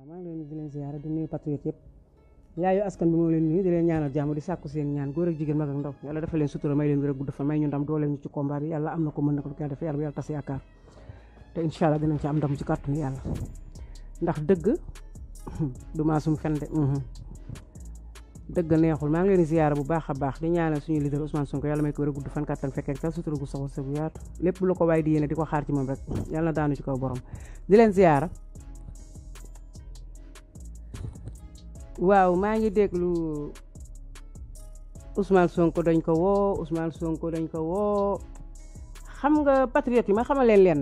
waaw maa ngi leen di leen ziyaara di nuyu patriote yëpp askan bi moo leen nuyu di leen ñaanal jàmm di sàkku seen ñaan góor ak jigéen mag ak ndaw yàlla dafa leen sutura may leen wér ak gudd fan may ñu ndam dooleel ñu ci combat bi yàlla am na ko mën na ko kenn def yàlla bu yàlla tas yaakaar te incha allah dinañ ci am ndam ci kàttanu yàlla ndax dëgg du maasum fen de mhm. dëgg neexul maa ngi leen di bu baax a baax di ñaanal suñu leader Ousmane Sonko yàlla may ko wér a gudd fan kàttan fekkee tal sutura gu saxul sa bu yaatu lépp lu ko waaye di yéene di ko xaar ci moom rek yàlla daanu ci kaw borom di leen waaw maa ngi déglu Ousmane Sonko dañ ko woo Ousmane Sonko dañ ko woo xam nga patriote yi ma xamal leen leen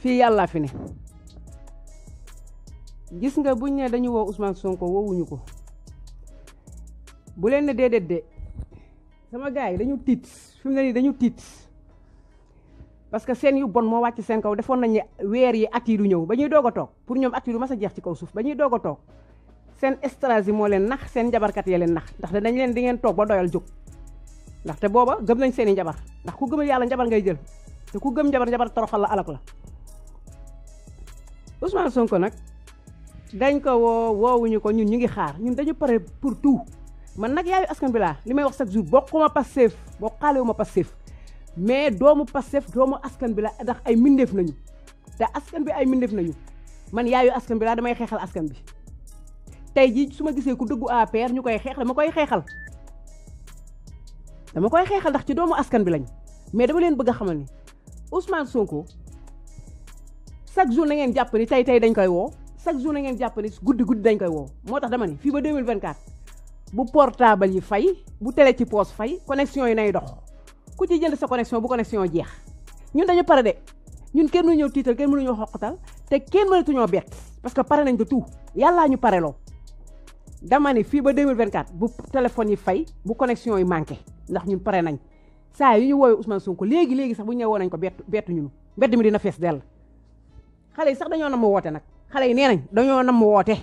fii yàllaa fi ne gis nga buñ ne dañu woo Ousmane Sonko woowuñu ko bu leen ne déedéet de sama gars yi dañu tiit fi mu ne nii dañu tiit parce que seen yu bon moo wàcc seen kaw defoon nañ weer yi at yi du ñëw ba ñuy doog a toog pour ñoom at yi du mas a jeex ci kaw suuf ba ñuy doog a toog seen stratégie moo leen nax seen jabarkat ya leen nax ndax dañ leen di ngeen toog ba doyal jóg ndaxte booba gëm nañ seen i ndax ku gëmal yàlla njabar ngay jël te ku gëm njabar njabar toroxal la alak la Ousmane Sonko nag dañ ko woo woowuñu ko ñun ñu ngi xaar ñun dañu pare pour tout man nag yaayu askan bi laa li may wax chaque jour bokkuma passif bokkaalewu ma passif mais doomu Pastef doomu askan bi la ndax ay mbindeef nañu te askan bi ay mbindeef nañu man yaayu askan bi laa damay xeexal askan bi tey jii su ma gisee ku dëggu APR ñu koy xeex dama koy xeexal dama koy xeexal ndax ci doomu askan bi lañ mais dama leen bëgg a xamal ni Ousmane Sonko chaque jour na ngeen jàpp ni tey tey dañ koy woo chaque jour na ngeen jàpp ni guddi guddi dañ koy woo moo tax dama ni fii ba 2024 bu portable yi fay bu télé ci poos fay connexion yi nay dox ku ci jënd sa connexion bu connexion jeex ñun dañu pare de ñun kenn mënuñoo tiital kenn mënuñoo xoqatal te kenn mënatuñoo bett parce que pare nañ de tout yàllaa ñu pareloo dama ne fii ba 2024 bu téléphone yi fay bu connexion yi manqué ndax ñun pare nañ saa yu ñu woowee Ousmane Sonko léegi léegi sax bu ñu ñëwee woo nañ ko bettu bettu ñun mbedd mi dina fees dell xale yi sax dañoo nam woote nag xale yi nee nañ dañoo nam woote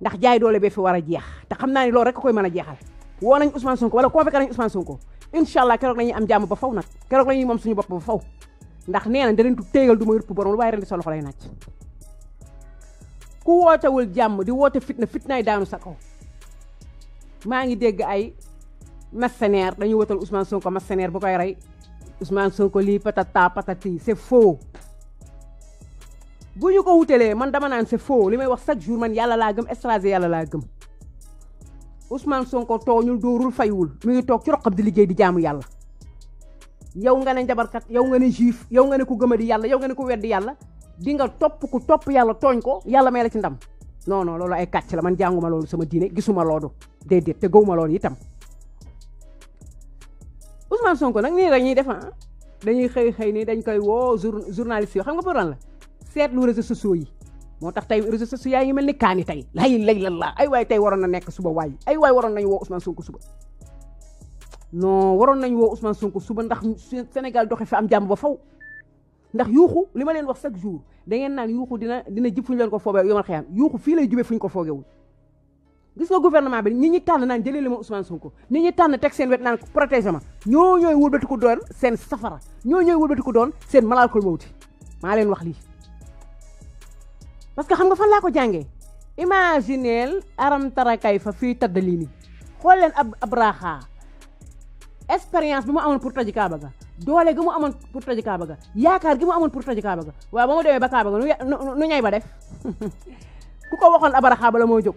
ndax jaay doole bee fi war a jeex te xam naa ne loolu rek koy mën a jeexal. woo nañ Ousmane Sonko wala convoqué nañ Ousmane Sonko incha allah keroog la am jàmm ba faw nag keroog la ñuy moom suñu bopp ba faw ndax nee na da leen du téegal du ma yëpp borom lu waaye ren di loxo lay naaj ku wootewul jàmm di woote fitna fitnaay daanu sa kaw maa ngi dégg ay mercenaire dañuy wotal Ousmane Sonko mercenaire boo koy rey Ousmane Sonko lii patata patati c'est faux bu ñu ko wutelee man dama naan c'est foo li may wax chaque jour man yàlla laa gëm stratégie yàlla laa gëm Ousmane Sonko tooñul dóorul faywul mi toog ci roqam di liggéey di jaamu yàlla yow nga ne njabarkat yow nga ne juif yow nga ne ku gëma di yàlla yow nga ne ku weddi yàlla di nga topp ku topp yàlla tooñ ko yàlla may la ci ndam non loolu ay kàcc la man jànguma loolu sama diine gisuma loolu déedéet te gëwuma loolu itam Ousmane Sonko nag nii rek ñuy def ah. dañuy xëy xëy ni dañ koy woo journaliste yoo xam nga la lan la seetlu réseaux sociaux yi moo tax tey réseaux sociaux yaa ngi mel ni kaani tey lay lay la laa ay waay tey waroon na nekk suba waay ay waay waroon nañu woo Ousmane Sonko suba non waroon nañu woo Ousmane Sonko suba ndax Sénégal doxe fi am jàmm ba faw ndax yuuxu li ma leen wax chaque jour da ngeen naan yuuxu dina dina jib fu leen ko foobee yomal xëyam yuuxu fii lay jubee fu ñu ko foogewul gis nga gouvernement bi ñi ñi tànn naan jëlee li ma Ousmane Sonko ñi ñi tànn teg seen wet naan protégé ma ñoo ñooy wëlbatiku doon seen safara ñoo ñooy wëlbatiku doon seen malaakul mawti maa leen wax lii parce que xam nga fan laa ko jàngee imagineel aram tarakay fa fii tëdd lii xool ab ab raaxaa expérience bi mu amoon pour toj kaaba ga doole gi mu amoon pour toj kaaba ga yaakaar gi mu amoon pour toj kaaba ga waaw ba mu demee ba kaaba ga nu ñay ba def ku ko waxoon abaraxaa ba la moo jóg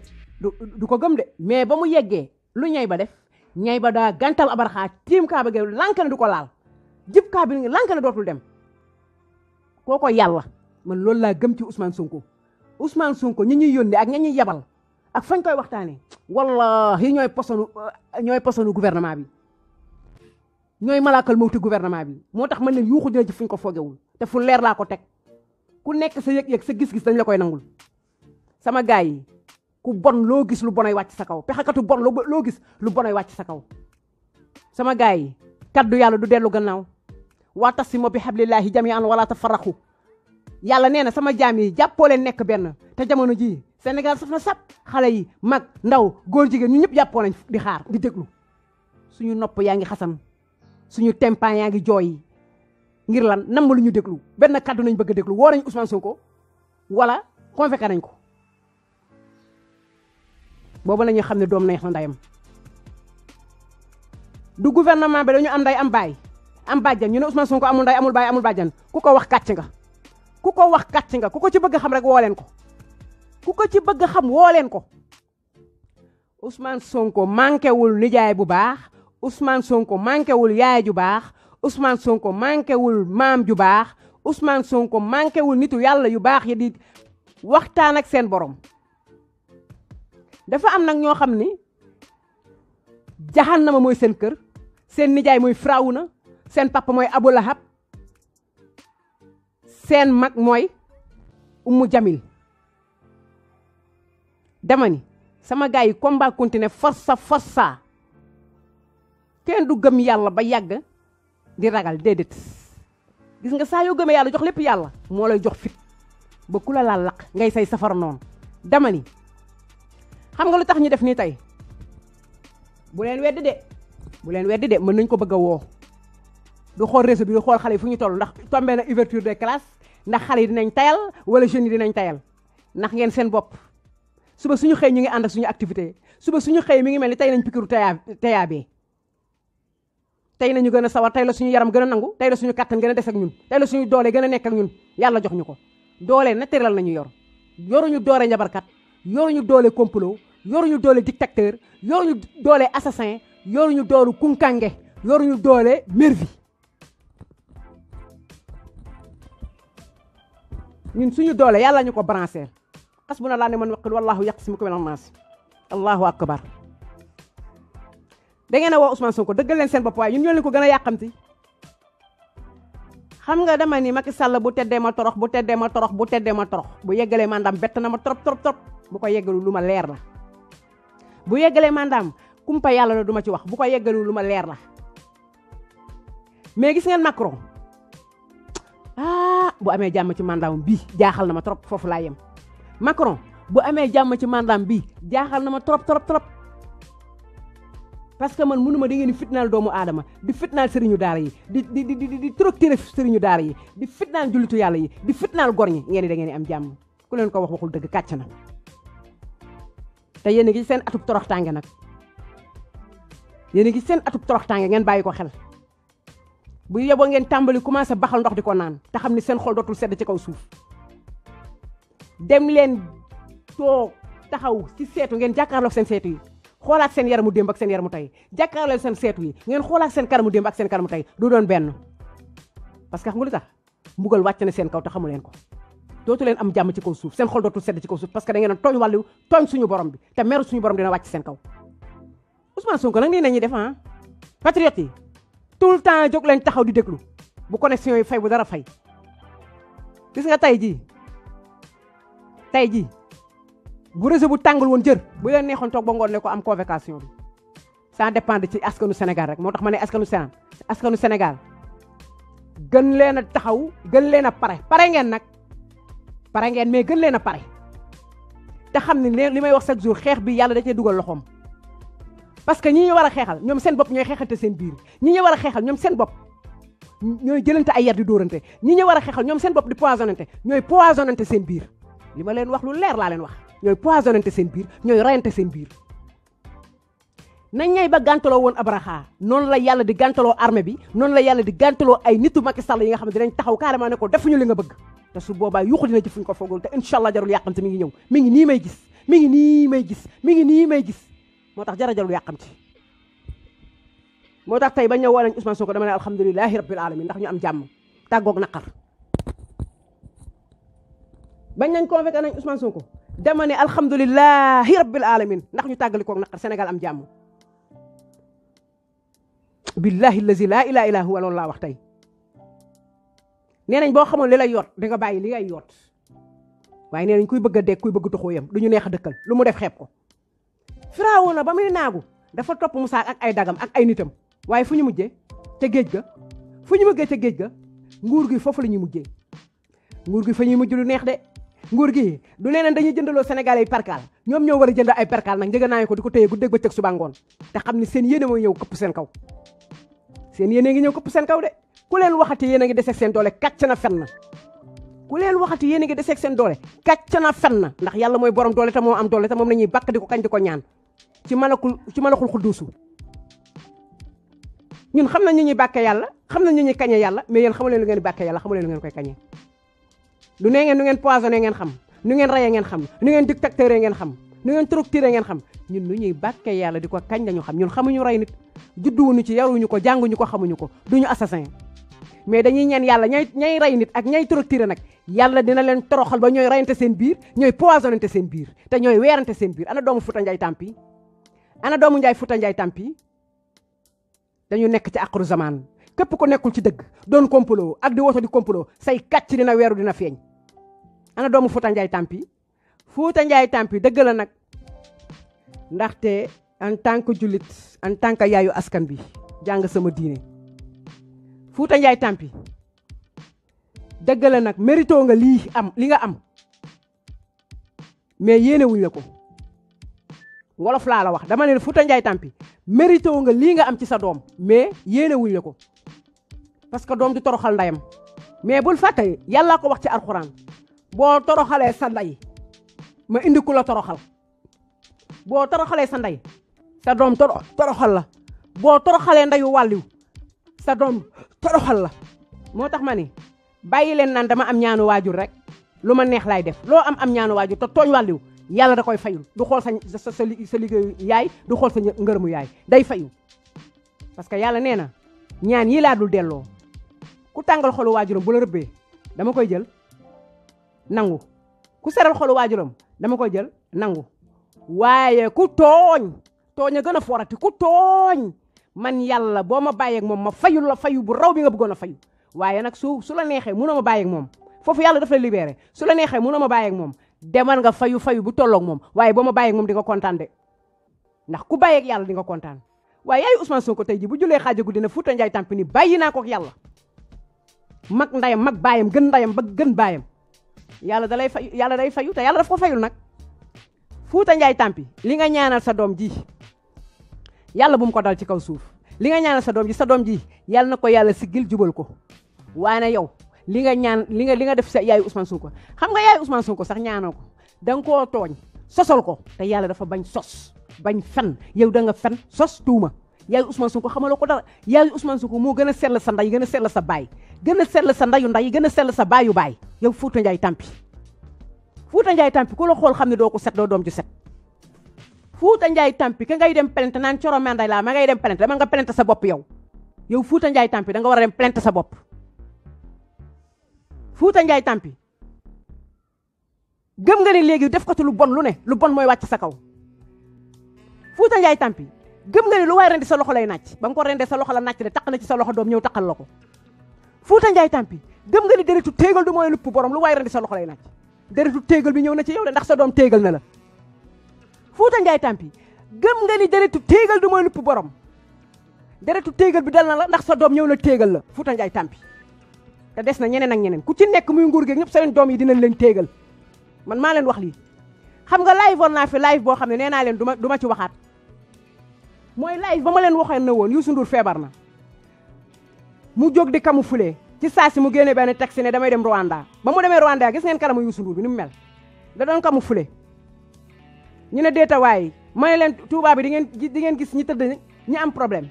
du ko gëm de mais ba mu yeggee lu ñay ba def ñay ba daa gantal abaraxaa tiim kaaba ga lank na du ko laal jib kaaba bi lank na dootul dem kooko yàlla man loolu laa gëm ci Ousmane Sonko Ousmane ko ñi ñuy yónnee ak ña ñuy yabal ak fañ koy waxtaanee wallahi ñooy posonu ñooy posonu gouvernement bi ñooy malaakal mawti gouvernement bi moo tax man leen yuuxu dina ci fuñ ko foogewul te fu leer laa ko teg ku nekk sa yëg-yëg sa gis-gis dañ la koy nangul sama gaay yi ku bon loo gis lu bonoy wàcc sa kaw pexakatu bon loo gis lu bonoy wàcc sa kaw sama gaay yi kaddu yàlla du dellu gannaaw waa tasimo bi hablillaahi jamian wala tafaraxu yàlla nee na sama jaam yi jàppoo leen nekk benn te jamono jii Sénégal saf na sap xale yi mag ndaw góor jigéen ñu ñëpp jàppoo nañ di xaar di déglu suñu nopp yaa ngi xasan suñu tempan yaa ngi jooy ngir lan nam ñu déglu benn kàddu nañ bëgg déglu woo nañ Ousmane Sonko wala convoqué nañ ko boobu la xam ne doom neex na ndayam du gouvernement bi dañu am nday am baay am bàjjan ñu ne Ousmane Sonko amul nday amul baay amul bàjjan ku ko wax kàcc nga ku ko wax kàcc nga ku ko ci bëgg xam rek woo leen ko ku ko ci bëgg xam woo leen ko Ousmane Sonko manqué wul nijaay bu baax usmaan Sonko manqué wul yaay ju baax Ousmane Sonko manqué wul maam ju baax Ousmane Sonko manqué wul nitu yàlla yu baax yi di waxtaan ak seen borom dafa am nag ñoo xam ni ma mooy seen kër seen nijaay mooy na seen papa mooy Abu sen mag moy umu jamil dama ni sama gaay combat continué força força ken du gëm yalla ba yag di ragal dedet gis nga sa yoo gëmee yalla jox lepp yalla mo lay jox fit ba kula la lak ngay say safar non dama ni xam nga lu tax ñu def ni tay bu len wedd de bu len wedd de meun nañ ko bëgg wo du xol réseau bi du xool fu ñu tollu ndax tombé na ouverture des classes ndax xalé dinañ tayal wala jeune yi dinañ tayal ndax ngeen seen bopp suba suñu xey ñu ngi and ak suñu activité suba suñu xey mi ngi melni tay nañ pikiru taya bi tay nañu gëna sawar tay la suñu yaram gëna nangu tay la suñu katan gëna dess ak ñun tay la suñu doole gëna nekk ak ñun yalla jox ñu ko doole na teral nañu yor yoruñu doole njabarkat yoruñu doole complot yoruñu doole dictateur yoruñu doole assassin yoruñu doole kunkange yoruñu doole mervie ñun suñu doole yàlla ñu ko branché xasbuna laa ne man waqil wallahu yaqsimukum min nas allahu akbar da ngeen a woo Ousmane Sonko dëggal leen seen bopp waaye ñun ñoo leen ko gën a yàqamti xam nga dama ni Macky Sall bu teddee ma torox bu teddee ma torox bu teddee ma torox bu yeggalee mandam bett na ma torop torop torop bu ko yeggalu lu ma leer la bu yeggalee mandam kumpa yàlla la duma ci wax bu ko yeggalu lu ma leer la mais gis ngeen Macron ah bu amé jamm ci mandam bi jaaxal na ma trop fofu la yem Macron bu amé jamm ci mandam bi jaaxal na ma trop trop trop parce que man munuma da ngeen fitnal doomu adama di fitnal serignu daara yi di di di di di truk serignu daara yi di fitnal julitu yalla yi di fitnal gor ñi ngeen da ngeen am jamm ku leen ko wax waxul deug katch na te yene gi sen atup torox tangé nak yene gi sen atup torox tangé ngeen bayiko xel bu yeboo ngeen tambali commencé baxal ndox diko ko naan te xam seen xol dotul sedd ci kaw suuf dem leen toog taxaw ci seetu ngeen jàkkaarloog seen seetu yi xoolaat seen yaramu démb ak seen yaramu tey jàkkaarloog seen seetu yi ngeen xoolaat seen karamu démb ak seen karamu tey du doon benn parce que xam nga lu tax mbugal wàcc na seen kaw te xamu ko dootu leen am jàmm ci kaw suuf seen xol dootul sedd ci kaw suuf parce que da ngeen tooñ wàllu tooñ suñu borom bi te meru suñu borom dina wàcc seen kaw Ousmane Sonko nag nii nañu def ah patriote yi tout le temps jóg leen taxaw di deglu bu connexion yi fay bu dara fay gis nga tay ji tay ji bu réseau bu tangul won jeur bu leen neexon tok ba ngoon ne ko am convocation ça dépend ci askanu Sénégal rek motax mané askanu Sénégal askanu Sénégal gën leen taxaw gën leen paré pare pare ngeen nak, pare ngeen mais gën leen paré pare xamni limay ne wax chaque jour xex bi yalla da ci dugal loxom parce que ñi ñu war a xeexal ñoom seen bopp ñooy xeexante seen biir ñi jëlante ay yar di dóorante ñi ñu war a xeexal ñoom seen bopp di poisonante ñooy poisonante seen biir li ma leen wax lu leer laa leen wax ñooy poisonante seen biir ñooy rayante seen biir nañ ñay ba gàntaloo woon Abraha noonu la yàlla di gàntaloo armée bi noonu la yàlla di gàntaloo ay nitu Macky yi nga xam ne dinañ taxaw carrément ne ko defuñu li nga bëgg te su boobaa yuuxu dina ci ko foogul gis moo tax jarajarul yàqamti moo tax tey bañ ne woo nañ Ousmane Sonko dama ne alhamdulilahi rabbil alamin ndax ñu am jàmm tàggoog naqar bañ nañ convoqué nañ Ousmane Sonko dama ne alhamdulilahi rabbil alamin ndax ñu tàggalikoog naqar senegal am jàmm billahi laa ilaa ilaa huwa loolu laa wax tey nee nañ boo xamoon li lay yoot di nga bàyyi li ngay yoot waaye nee nañ kuy bëgg a dee kuy bëgg toxoo du ñu neex a dëkkal lu mu def xeeb ko Firawna ba muy naagu dafa topp Musaa ak ay dagam ak ay nitam waaye fu ñu mujjee ca géej ga fu ñu mujjee ca géej ga nguur gi foofu la ñuy mujjee nguur gi fa ñuy mujj lu neex de nguur gi du leneen dañuy jëndaloo Sénégalais yi perkaal ñoom ñoo war a jënd ay perkaal nag njëga naa ko di ko téye guddeeg bëccëg suba ngoon te xam ni seen yéene mooy ñëw këpp seen kaw seen yéene ngi ñëw këpp seen kaw de ku leen waxati yéen a ngi deseeg seen doole fen na ku leen waxati yene nga ngi deseeg seen doole na fen na ndax yalla moy borom doole ta mom am doole ta mom lañuy bak bàkk di ko kul, di ko ñaan ci malakul ci malakul khudusu ñun xam nañ ñu ñuy bakke yalla xam nañ ñu ñuy kañee yàlla mais yeen xamu lu ngeen bàkkee yalla xamu lu ngeen koy kañee lu ne ngeen nu ngeen poisonné ngeen xam nu ngeen rayee ngeen xam nu ngeen dictateur ngeen xam nu ngeen structure ngeen xam ñun nu ñuy yalla di kañ lañu xam ñun xamuñu ray nit wuñu ci yaruñu ko ko xamuñu ko duñu assassin mais dañuy ñeen yàlla ñay ñay rey nit ak ñay torturé nag yàlla dina leen toroxal ba ñooy reyante seen biir ñooy poisonante seen biir te ñooy weerante seen biir ana doomu Futa Njaay Tampi ana doomu Njaay Futa Njaay Tampi dañu nekk ci àqaru zamaan képp ko nekkul ci dëgg doon complot ak di woto di complot say kàcc dina weeru dina feeñ ana doomu Futa Njaay Tampi Fuuta Njaay Tampi dëgg la nag ndaxte en tant que jullit en tant que yaayu askan bi jàng sama diine Fouta Ndiaye Tampi dëgg la nag mérito nga lii am li nga am mais yéene wuñ la ko wolof laa la wax dama ne Fouta Ndiaye Tampi mérito nga lii nga am ci sa doom mais yéene wuñ la ko parce que doom du toroxal ndeyam mais bul fàtte yàlla ko wax ci alxuraan boo toroxalee sa ndey ma indi ku la boo toroxalee sa ndey sa doom toroxal la boo ndayu ndeyu wàlliw sa doom toroxal la moo tax ma ni bàyyi leen naan dama am ñaanu waajur rek lu ma neex laay def loo am am ñaanu waajur te tooñ wàlliw yàlla da koy fayul du xool sa sa sa liggéeyu yaay du xool sa ngërëmu yaay day fayu parce que yàlla nee na ñaan yii laa dul delloo ku tàngal xolu waajuram bu la rëbbee dama koy jël nangu ku seral xolu waajuram dama koy jël nangu waaye ku tooñ tooñ a gën a forati ku tooñ man yalla boo ma ak mom ma fayul la fayu bu raw bi nga bëggona fayu waye nak su su la mu no ma ak mom fofu yalla daf la libéré su la mu no ma ak mom demal nga fayu fayu bu tolloog mom waye boo ma ak mom di nga contane de ndax ku ak yalla di nga contane waye yaayu Ousmane Sonko tey ji bu julé xaaja guddi na futa ndjay tampini Yalla ko ak yalla mak ndayam mak bayam gën ndayam ba gën bayam yalla da fayu yalla day fayu ta yalla daf ko fayul nak futa ndjay tampi li nga ñaanal sa dom ji yàlla bu ko dal ci kaw suuf li nga ñaanal sa doom ji sa doom ji yàlla na ko yàlla siggil jubal ko waaye yow li nga ñaan li nga li nga def sa yaayu Ousmane ko xam nga yaayu Ousmane ko sax ñaanoo ko da koo tooñ sosal ko te yàlla dafa bañ sos bañ fen yow da nga fen sos tuuma yaayu Ousmane Sonko xamaloo ko dara yaayu Ousmane Sonko moo gën a sell sa nday gën a sell sa baay gën a sell sa ndayu nday gën a sell sa baayu baay yow fuuta Ndiaye tampi Fouta Ndiaye tampi la xool xam ne doo ko set doom ju Fuuta Njaay tampi ka ngay dem plainte naan coro manday laa ma ngay dem plainte dama nga plainte sa bopp yow yow Fuuta Njaay tampi da nga war a dem plainte sa bopp Fuuta Njaay tampi gëm nga ni léegi def ko ci lu bon lu ne lu bon mooy wàcc sa kaw Fuuta Njaay tampi gëm nga ni lu waay rendi sa loxo lay nàcc ba nga ko rendee sa loxo la nàcc de taq na ci sa loxo doom ñëw taqal la ko Fuuta Njaay tampi gëm nga ni deretu téegal du mooy lupp borom lu waay rendi sa loxo lay nàcc deretu téegal bi ñëw na ci yow ndax sa doom téegal na la fuuta njaay tampi gëm nga ni deretu téegal du mooy lupp borom deretu téegal bi dal na la ndax sa doom ñëw na téegal la fuuta njaay tampi te des na ñeneen ak ñeneen ku ci nekk muy nguur gi ñëpp seen doom yi dinañ leen téegal man maa leen wax lii xam nga live woon naa fi live boo xam ne nee naa leen duma du ma ci waxaat mooy live ba ma leen waxee na woon Youssou Ndour feebar na mu jóg di camoufler ci saa si mu génne benn taxi ne damay dem Rwanda ba mu demee Rwanda gis ngeen kanamu bi ni mu mel da doon camoufler ñu ne déeta waay ma ne leen Touba bi di ngeen di ngeen gis ñi tëdd ñi am problème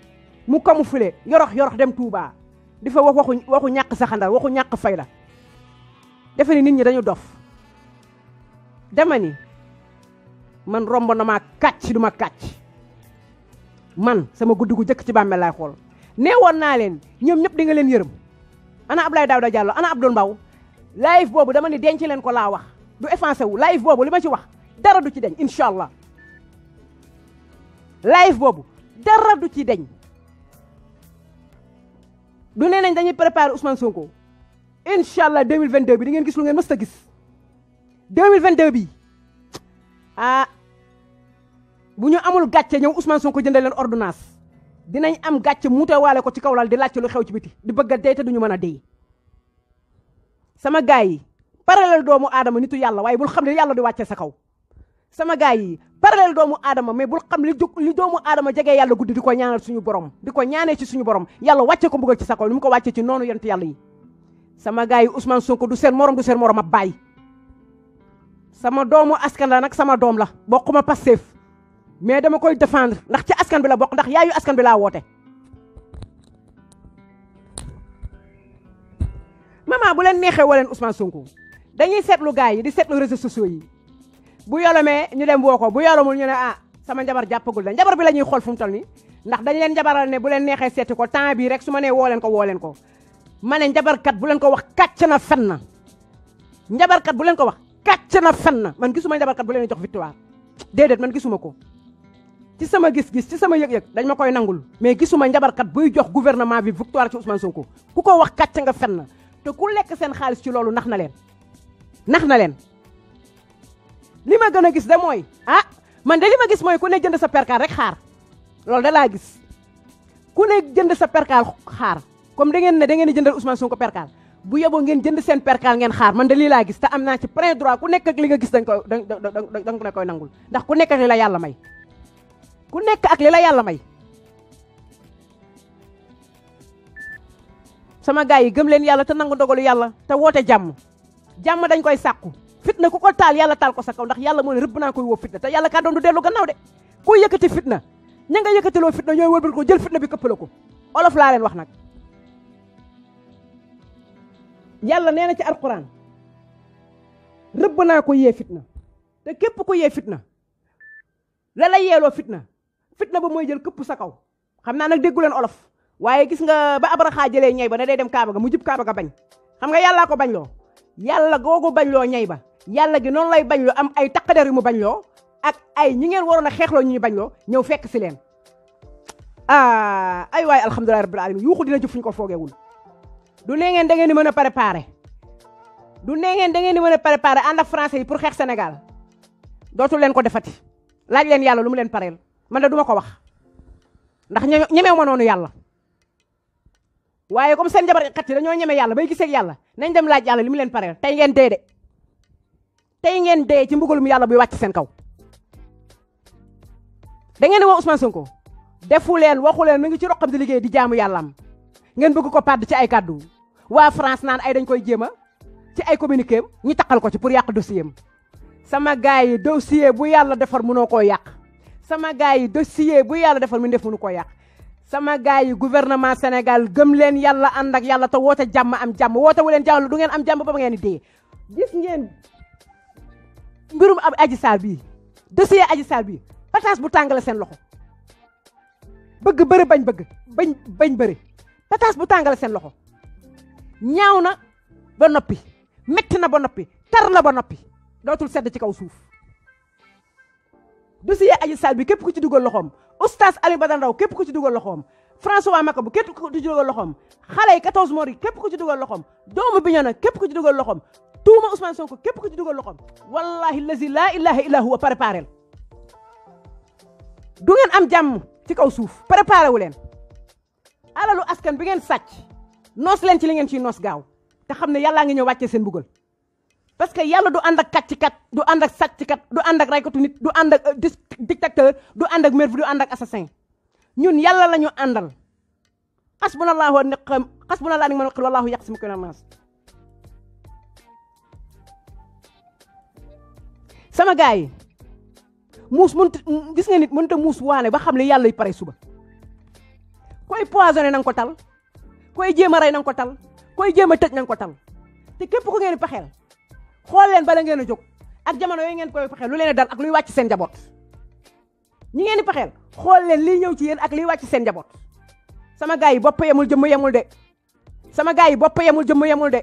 mu camouflé yorox yorox dem Touba di fa wax waxu waxu ñàkk saxandal waxu ñàkk fay la defe ni nit ñi dañu dof dama ni man romb na maa kàcc du ma kàcc man sama guddi gu jëkk ci bàmmeel laay xool neewoon naa leen ñoom ñëpp di nga leen yërëm ana Ablaye Daouda Diallo ana Abdoul Mbaw live boobu dama ni denc leen ko laa wax du effacé wu live boobu li ma ci wax dara du ci deñ incha allah live boobu dara du ci deñ du nee nañ dañuy préparer Ousmane Sonko incha allah 2022 bi di ngeen gis lu ngeen mës a gis 2022 bi ah bu ñu amul gàcce ñëw Ousmane Sonko jëndee leen ordonnance dinañ am gàcce waale ko ci kawlal di laajte lu xew ci biti di bëgg a dee te duñu mën a dee sama gaay yi paralel doomu aadama nitu yàlla waaye bul xam ne yàlla di wàccee sa kaw. sama gaay yi paraleel doomu aadama mais bul xam li jóg doomu aadama jegee yàlla guddi di ko ñaanal suñu borom di ko ñaanee ci suñu borom yàlla wàcce ko mbugal ci sa kaw mu ko wàcce ci noonu yonent yàlla yi sama gaay yi Ousmane Sonko du seen morom du seen morom ab baay sama doomu askan la nag sama doom la bokkuma Pastef mais dama koy défendre ndax ci askan bi la bokk ndax yaayu askan bi laa woote maman bu leen neexee woo leen Ousmane Sonko dañuy seetlu gaay yi di seetlu réseaux sociaux yi bu me ñu dem boko ko bu mu ñu ne ah sama njabar jappagul da njabar bi la xol fu mu tol ni ndax dañ leen jabaral ne bu leen nexé seeti ko temps bi rek wolen ne wo leen ko wo leen ko mané jabar kat bu leen ko wax katch na fen njabar kat bu leen ko wax katch na fen man gisuma kat bu leen jox victoire dedet man gisuma ko ci sama gis-gis ci sama yek yek. dañ ma koy nangul mais gisuma kat buy jox gouvernement bi victoire ci Ousmane Sonko kuko ko wax katch nga fen te ku lek sen xaliss ci lolu nax na len nax na len lima ma a gis de moy ah man de lima gis moy ku ne jënd sa perkaal rek xaar lol da la gis ku ne jënd sa perkal. xaar comme da ngeen ne da ngeen jëndal Ousmane Sonko perkaal bu yeboo ngeen jënd sen ngeen xaar man de li la gis ta am ci plein droit ku nekk ak li nga gis ko dang dang da koy nangul ndax ku nekk ak lila yalla may ku nekk ak lila yalla may sama gaay yi gëm leen yalla te nangu dogalu yalla te wote jam jam dañ koy sakku fitna ku ko Tal yalla tal ko sa kaw ndax yalla mo ne rëbb na koy wo fitna ta yalla ka don du delu gannaaw de ku yëkkati fitna ña nga lo fitna ñoy wëlbal ko jël fitna bi këppale ko olof la len wax nak yalla neena ci alquran rëbb na ko ye fitna te kep ku ye fitna la la lo fitna fitna ba moy jël këpp sa kaw xamna nak deggu len olof waye gis nga ba abraha jele ñey ba ne day dem kaaba ga mu jup kaaba ga bañ xam nga yalla ko bañ lo yalla gogo bañ lo ñey ba yalla gi non lay bañ loo am ay taqadar mu bañ loo ak ay ñi ngeen warona a xeexloo ñu ñu bañ loo ñëw fekk si leen ah, ay way alhamdullahi rabbil alamin yuuxu dina ci fuñ ko foge wul du ne ngeen da ngeen ni meuna préparer du ne ngeen da ngeen ni meuna préparer and ak français pour xex Sénégal dotu len ko defati laaj len yalla lu mu len parel man da duma ko wax ndax ñemew ma nonu yalla waye comme sen jabar xati dañu dañoo ñeme yàlla bay gisee yalla nañ dem laaj yalla limu len parel tay ngeen dee tay ngeen dee ci mbugalum yàlla buy wàcc seen kaw da ngeen wax Ousmane Sonko defu leen waxu leen mi ngi ci roqam di liggéey di jaamu yàllaam ngeen bëgg ko pàdd ci ay kàddu waa France naan ay dañ koy jéem ci ay communiqué ñu takal ko ci pour yàq dossier am sama gaay yi dossier bu yàlla defar mënoo koo yàq sama gaay yi dossier bu yàlla defar mu def mënu koo yàq sama gaay yi gouvernement Sénégal gëm leen yàlla ànd ak yàlla te woote am jàmm woote wu leen jàmm du ngeen am jàmm ba ngeen di gis ngeen mbirum ab Adji Sarr bii dossier Adji Sarr bii pataas bu tàngale seen loxo bëgg bëri bañ bëgg bañ bañ bëri pataas bu tàngale seen loxo ñaaw na ba noppi metti na ba noppi tar na ba noppi dootul sedd ci kaw suuf dossier Adji Sarr bi képp ku ci dugal loxoom oustaz Aliou Badara Ndao képp ku ci dugal loxoom François bu képp ku ci dugal loxoom xale yi 14 mois yi képp ku ci dugal loxoom doomu na képp ku ci dugal loxoom tuuma Ousmane Sonko képp ko ci dugal loxom wallahi lazi la ilaha illa huwa préparel du ngeen am jàmm ci kaw suuf préparé wu leen alalu askan bi ngeen sàcc noos leen ci li ngeen ciy noos gaaw te xam ne yàllaa ngi ñëw wàccee seen bugal parce que yàlla du ànd ak kat du ànd ak kat du ànd ak raykatu nit du ànd ak euh, dictateur du ànd ak maire du ànd ak assassin ñun yàlla la ñu àndal wa niqam xasbunallahu wallahu yaqsimu minan nas sama gaay mus mun gis nga nit mënta mus waane ba xam yalla yi pare suba koy poisonné nang ko tal koy jema ray nang ko tal koy jema tej nang ko tal te képp ko ngeen paxeel xol leen bala ngeen a ak jamono yooyu ngeen koy paxeel lu leen dal ak luy wacc sen jabot ñi ngeen di xol xool li ñew ci yeen ak liy wacc sen jabot sama gaay yi bopp yamul jëmm de sama gaay yi bopp yamul jëmm de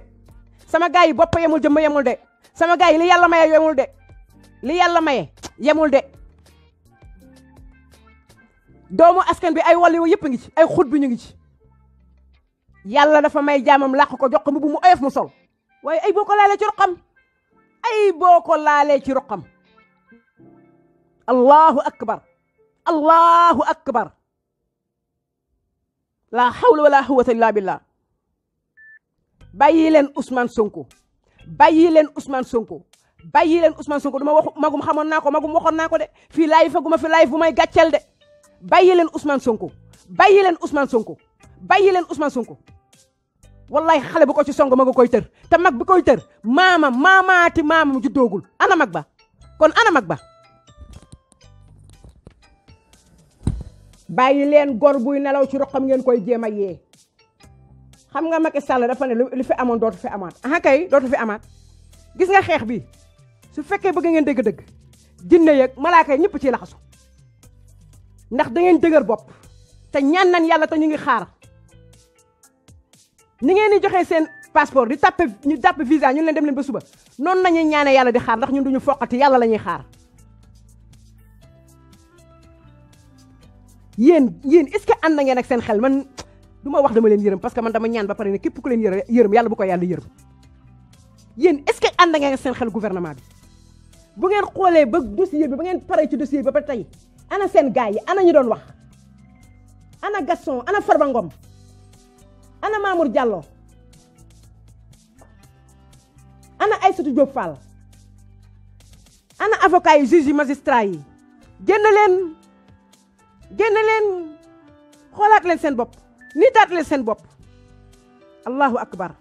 sama gaay yi bopp yamul jëmm de sama gaay yi li yalla maye yemul de li yàlla maye yemul de doomu askan bi ay wàllu yëpp ngi ci ay xut bi ñu ngi ci yàlla dafa may jaamam làq ko jox ko mbubb mu oyof mu sol waaye ay boo ko laalee ci roqam ay boo ko laalee ci roqam allahu akbar allahu akbar la hawla wala quwwata illa billah bàyyi leen Ousmane Sonko bàyyi leen Ousmane Sonko bàyyi leen Ousmane Sonko du ma waxu magum xamoon naa ko magum waxoon naa ko de fii laay faguma fi laay bu may gàcceel de bàyyi leen Ousmane Sonko bàyyi leen Ousmane Sonko bàyyi leen Ousmane Sonko wallaay xale bu ko ci song ma nga koy tër te mag bi koy tër maama maamaati mu juddoogul ana mag ba kon ana mag ba bàyyi leen gor buy nelaw ci roqam ngeen koy jéem a yee xam nga Macky Sall dafa ne lu fi amoon dootu fi amaat aha kay dootu fi amaat gis nga xeex bi su fekkee bëgg ngeen dëgg dëgg jinne yeeg malaaka yi ñëpp ci laxasu ndax da ngeen dëgër bopp te ñaan nan yàlla te ñu ngi xaar ni ngeen di joxee seen passeport di tapé ñu tàppe visa ñu leen dem leen ba suba noonu nañuy ñaane yàlla di xaar ndax ñun duñu foqati yàlla la ñuy xaar yéen yéen est-ce que ànd ngeen ak seen xel man duma wax dama leen yërëm parce que man dama ñaan ba pare ne képp ku leen yërëm yàlla bu ko yàlla yërëm yéen est-ce que ànd ngeen ak seen xel gouvernement bi bu ngeen xoolee ba dossier bi ba ngeen paree ci dossier bi ba tey ana seen gars yi ana ñu doon wax ana garçon ana Farba Ngom ana Mamour Diallo ana Aïssatou Diop Fall ana avocat yi juge yi magistrat yi génn leen génn leen xoolaat leen seen bopp allahu akbar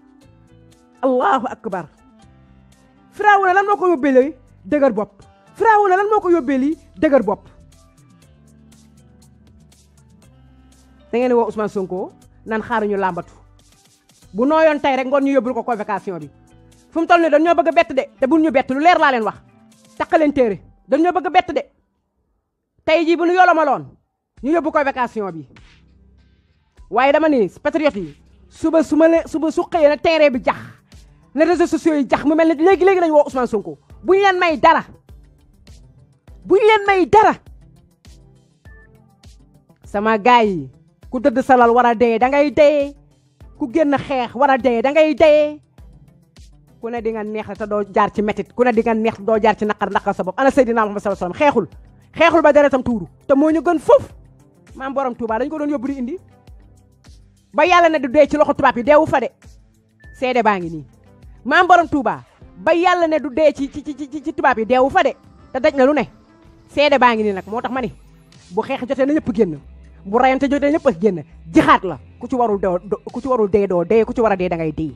allahu akbar Firawna lan moo ko yóbbee dëgër bopp Firawna la moo ko yóbbee lii dëgër bopp da ngeen woo Ousmane Sonko nan xaaruñu làmbatu bu nooyoon tey rek ngoon ñu yóbbul ko convocation bi fu mu toll nii dañoo bëgg a bett de te bul ñu bett lu leer laa leen wax taqaleen téere dañoo bëgg a bett de tey jii bu ñu yolomaloon ñu yóbbu convocation bi waaye dama ni patriote yi suba su ma le suba su xëyee na terrain bi jax les réseaux sociaux yi jax mu mel ne léegi léegi dañu woo Ousmane Sonko buñ leen may dara buñ leen may dara sama gaay yi ku dëdd salal war a dee da ngay dee ku génn xeex war a dee da ngay dee ku ne di nga neex te doo jaar ci metit ku ne di nga neex doo jaar ci naqar naqar sa bopp ana Seydina Muhammad sallallahu alayhi wasallam xeexul xeexul ba deretam tuuru te moo ñu gën foofu maam borom Touba dañ ko doon yóbbu di indi ba yàlla ne du dee ci loxo tubaab yi deewu fa de seede baa ngi nii maam borom Touba ba yàlla ne du dee ci ci ci ci tubaab yi deewu fa de te daj na lu ne seede baa ngi nii nag moo tax ma ni bu xeex jotee na ñëpp génn bu rayante jotee na ñëpp génn jixaat la ku ci warul doo ku ci warul dee doo dee ku ci war a dee da ngay dee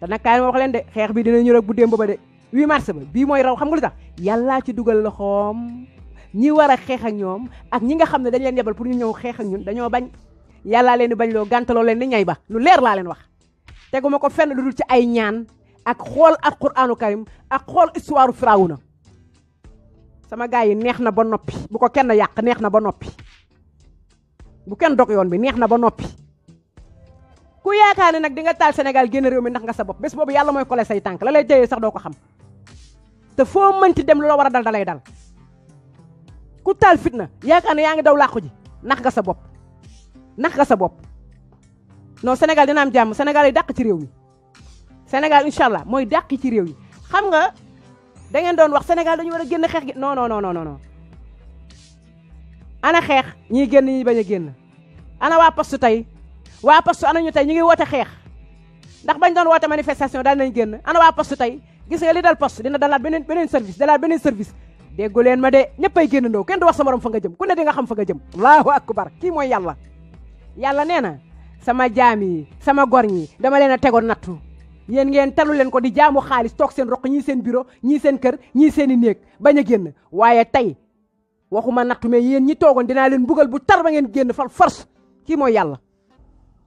te nag kaay ma wax leen de xeex bi dina ñëw rek bu démb ba de 8 mars ba bii mooy raw xam nga lu tax yàllaa ci dugal loxoom ñi war a xeex ak ñoom ak ñi nga xam ne dañ leen yebal pour ñu ñëw xeex ak ñun dañoo bañ yàllaa leen di bañ loo gàntaloo leen ni ñay ba lu leer laa leen wax ak xool ak quraanu karim ak xool histoire na sama gars yi neex na ba noppi bu ko kenn yàq neex na ba noppi bu kenn dog yoon bi neex na ba noppi ku yaakaar ne nag di nga taal Sénégal génn réew mi ndax nga sa bopp bés boobu yàlla mooy kole say tànk la lay téyee sax doo ko xam te foo mënti dem lu la war a dal dalay dal ku taal fitna yaakaar ne yaa ngi daw làqu ji nax nga sa bopp nax nga sa bopp noo Sénégal dina naam jàmm Sénégal yi daq ci mi Sénégal incha allah mooy dàq ci réew yi xam nga da ngeen doon wax Sénégal dañu war a génn xeex gi noo non non non ana xeex ñii génn ñi bañ a génn ana waa poste tey waa poste ana ñu tey ñu ngi woote xeex ndax bañ doon woote manifestation daal nañ génn ana waa poste tey gis nga li dal poste dina dalaat beneen beneen service dalaat beneen service déggu leen ma de ñëppay génn ndoo kenn du wax sa morom fa nga jëm ku di nga xam fa nga jëm allahu yàlla nee na sama jaam yi sama gor ñi dama leen a tegoon nattu yéen ngeen talu leen ko di jaamu xaalis toog seen roq ñii seen bureau ñii seen kër ñii seeni néeg baña a génn waaye tey waxuma nattu mais yéen ñi toogoon dinaa leen bugal bu tar ba ngeen génn fal force kii mooy yàlla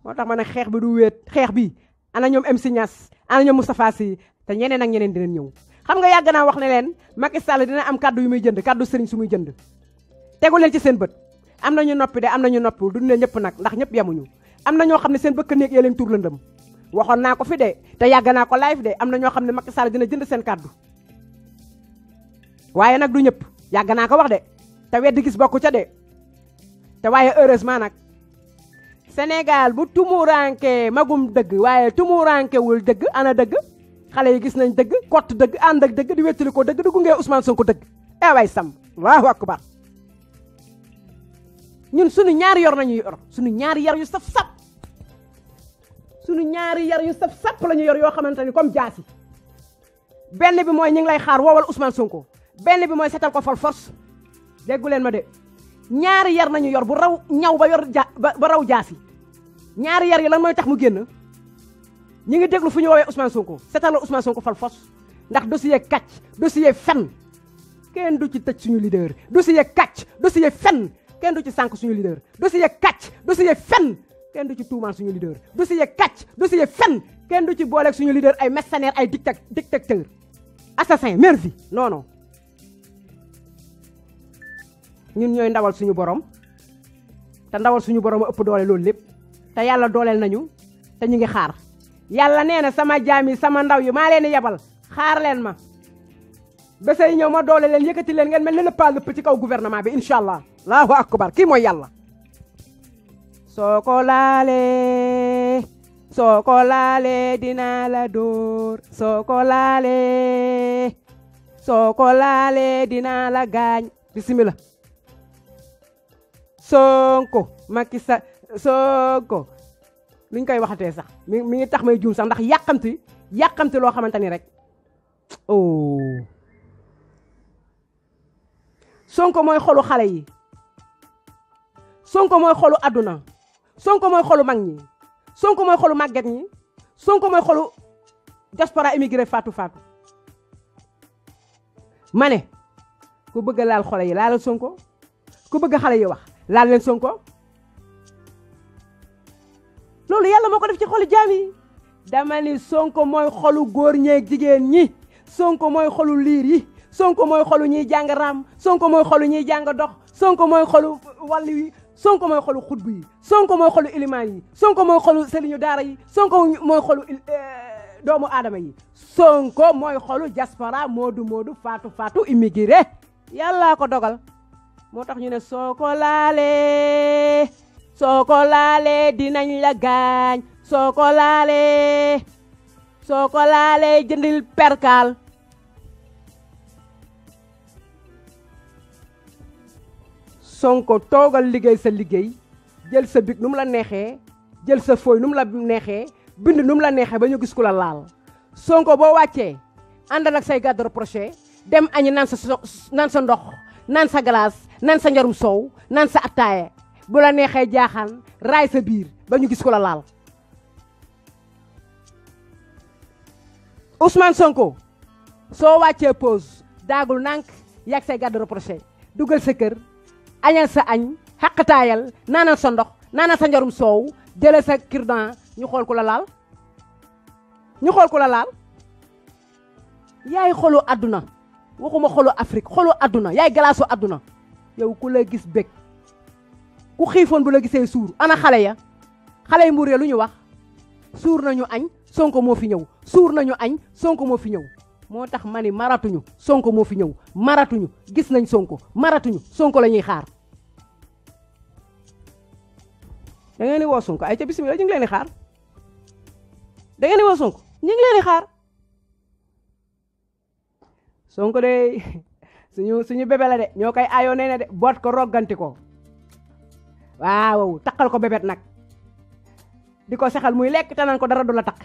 moo tax ma ne xeex bi du wéet xeex bi ana ñoom MC Niass ana ñoom Moustapha Sy te ñeneen ak ñeneen di dinañ ñëw xam nga yàgg naa wax ne leen Macky Sall dina am kaddu yu muy jënd kaddu sëriñ su muy jënd tegu leen ci seen bët am nañu noppi de am nañu noppiwul du ne ñëpp nag ndax ñëpp yemuñu am na ñoo xam ne seen bëkk néeg yee leen tur lëndëm waxoon naa ko fi de te yàgg naa ko laay live de am na ñoo xam ne Macky Sall dina jënd seen kàddu waaye nag du ñëpp yàgg naa ko wax de te weddi gis bokku ca de te waaye heureusement nag Sénégal bu tumuranke magum dëgg waaye tumurankewul dëgg ana dëgg xale yi gis nañ dëgg kott dëgg ànd ak dëgg di wettali ko dëgg di gunge Ousmane Sonko dëgg eh waay sam allahu akbar ñun sunu ñaari yor nañuy yor sunu ñaari yar yu saf-saf suñu ñaari yar yu saf sàpp la ñu yor yoo xamante ni comme jaasi benn bi mooy ñu ngi lay xaar woowal Ousmane Sonko benn bi mooy setal ko fal force déggu leen ma de ñaari yar nañu yor bu raw ñaw ba yor ja ba raw jaasi ñaari yar yi lan mooy tax mu génn ñi ngi déglu fu ñu woowee Ousmane Sonko setal la Ousmane Sonko fal force ndax dossier kàcc dossier fen kenn du ci tëj suñu leader dossier kàcc dossier fen kenn du ci sànq suñu leader dossier kàcc dossier fen kenn du ci tuumaal suñu leader du ya catch, kàcc du fan, yëg fen kenn du ci booleeg suñu leader ay mercenaire ay dicta dictateur assassin mervi non non ñun ñooy ndawal suñu borom te ndawal suñu borom ëpp doole loolu lépp te yàlla dooleel nañu te ñu ngi xaar yàlla nee na sama jaam yi sama ndaw yi maa leen yebal xaar leen ma bese yi ñëw ma doole leen yëkkati leen ngeen mel ne pas lëpp ci kaw gouvernement bi incha allah allahu akbar kii mooy yàlla soo ko laalee soo ko laalee dinaa la dóor soo ko laalee soo ko laalee dinaa la gaañ bisimila Sonko Macky Sall Sonko luñ koy waxtee sax mi mi ngi tax may juum sax ndax yàqamti yàqamti loo xamante ni rek oh Sonko mooy xolu xale yi Sonko mooy xolu àdduna Sonko mooy xolu mag ñi Sonko mooy xolu màgget ñi Sonko mooy xolu diaspora immigré faatu faatu ma ne ku bëgg a laal xole yi laalal Sonko ku bëgg xale yi wax laal leen Sonko loolu yàlla moo ko def ci xolu jaam yi dama ni Sonko mooy xolu góor ñeeg jigéen ñi Sonko mooy xolu liir yi Sonko mooy xolu ñiy jàng raam Sonko mooy xolu ñiy jàng dox mooy xolu wàll yi sonko mooy xolu xutbu yi sonko mooy xolu ilimaan yi sonko mooy xolu sëriñu daara yi sonko mooy xolu eh, doomu aadama yi sonko mooy xolu diaspora moodu moodu faatu faatu immigré yàllaa ko dogal moo tax ñu ne soo ko laalee soo ko laalee dinañ la gaañ soo ko laalee soo ko laalee jëndil perkaal Sonko toogal liggéey sa liggéey jël sa bic nu la neexee jël sa fooy nu la neexee bind nu la neexee ba ñu gis ko la laal Sonko boo wàccee àndal ak say garde rapprochée dem añi naan sa naan sa ndox nan sa glace nan sa njarum sow nan sa attaaya bu la neexee jaaxaan raay sa biir ba ñu gis ko la laal Ousmane Sonko soo wàccee pause daagul nànk yàgg say garde rapprochée dugal sa kër añal sa añ xaqataayal naanal sa ndox naanal sa njarum soow jële sa kirdan ñu xool ku la laal ñu xool ku la laal yaay xolu àdduna waxuma xolu Afrique xoolu àdduna yaay galaasu àdduna yow ku la gis bég ku xiifoon bu la gisee suur ana xale ya xale yi mbuur ya lu ñu wax suur nañu añ sonko moo fi ñëw suur nañu añ sonko moo fi ñëw moo tax ma ni maratuñu sonko moo fi ñëw maratuñu gis nañ sonko maratuñu sonko la ñuy xaar da ngeen di woo sonko ay ca bisimilah ñu ngi leen di xaar da ngeen di woo sonko ñu ngi leen xaar sonko de suñu suñu bébé la de ñoo koy de boot ko rogganti ko waaw takal ko bébét nak. di ko sexal muy lekk tanan nan ko dara du la takk